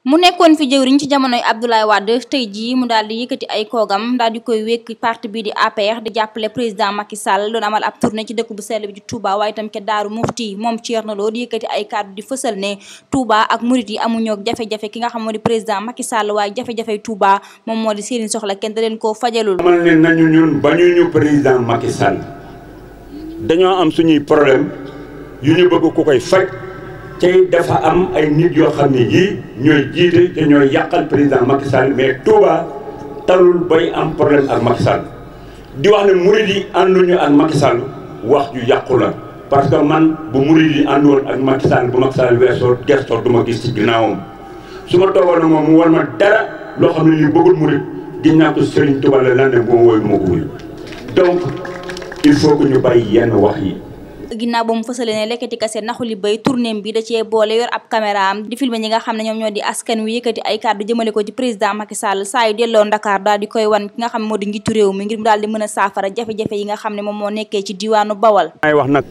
mu nekkoon fi jëwriñ ci jamonoy Abdoulaye Wade tey jii mu daal di yëkkati ay koogam daal di koy wékk parti bii di APR di jàppale président Macky Sall doon amal ab tournée ci dëkk bu sell bi di Touba waaye itam ca Daaru Mufti moom Thierno Lo di yëkkati ay kàddu di fësal ne Touba ak murit yi amuñoo jafe-jafe ki nga xam moo di président Macky Sall waaye jafe-jafe Touba moom moo di seen soxla kenn da leen koo fajalul. xamal leen nañu ñun bañuñu président Macky Sall dañoo am suñuy problème yu ñu bëgg ku koy tey dafa am ay nit yoo xam ne yii ñooy jiite te ñooy yàqal président Macky Sall mais Touba talul bay am problème ak Macky Sall di wax ne murid yi ànduñu ak Macky Sall wax ju yàqu la parce que man bu murid yi àndoon ak Macky Sall bu Macky Sall weesoo gestoo du ma gis ci ginnaawam su ma toogoon moom mu war ma dara loo xam ne ñu bëggul murid di naa ko Serigne Touba la lan ne boo wooyu moo ko wuyu il faut que ñu bàyyi yenn wax yi ginnaaw ba mu fësale ne lekkati kase naxu li bay tournéem bi da cee boole yor ab caméra di filmer ñi nga xam ne ñoom ñoo di askan wi yëkkati ay kàddu jëmale ko ci président Macky Sall saa yu delloo Dakar daal di koy wan ki nga xam ne moo di njiitu réew mi ngir mu daal di mën a saafara jafe-jafe yi nga xam ne moom moo nekkee ci diwaanu Bawal may wax nag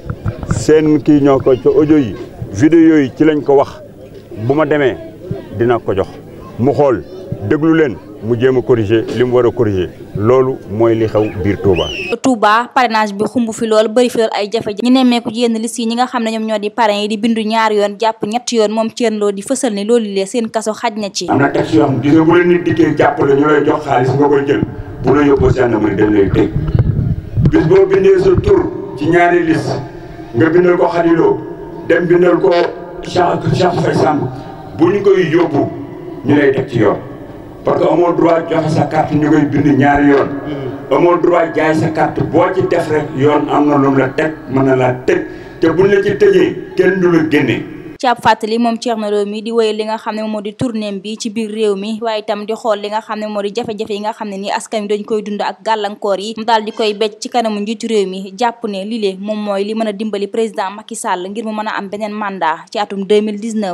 seen kii ñoo ko ca audio yi vidéo yi ci lañ ko wax bu ma demee dina ko jox mu xool déglu leen mu jéem a corriger li mu war loolu mooy li xew biir Touba. Touba parrainage bi xumb fi lool bëri fi lool ay jafe-jafe ñu nemmeeku ci yenn yi ñi nga xam ne ñoom ñoo di parrain yi di bindu ñaar yoon jàpp ñett yoon moom Thierno Lo di fësal ni loolu lee seen kaso xaj na ci. am na tax yoo xam gis nga bu leen nit bis boo bindee sa tur ci ñaari liste nga bindal ko Xaliloo dem bindal ko Cheikh Cheikh Faye Samb bu ñu koy yóbbu ñu lay teg ci yoon. parce que amoo droit joxe sa carte ñu koy bind ñaari yoon. Mm. amoo droit jaay sa carte boo ci def rek yoon am na lu la teg mën na laa tëj te buñ la ci tëjee kenn du la génne. ci ab fàttali moom Thierno Lo mi di wéyal li nga xam ne moo di tournée bi ci biir réew mi waaye itam di xool li nga xam ne moo di jafe-jafe yi nga xam ne ni askan wi dañ koy dund ak gàllankoor yi mu daal di koy becc ci kanamu njiitu réew mi jàpp ne lile moom mooy li mën a dimbali président Macky Sall ngir mu mën a am beneen mandat ci atum 2019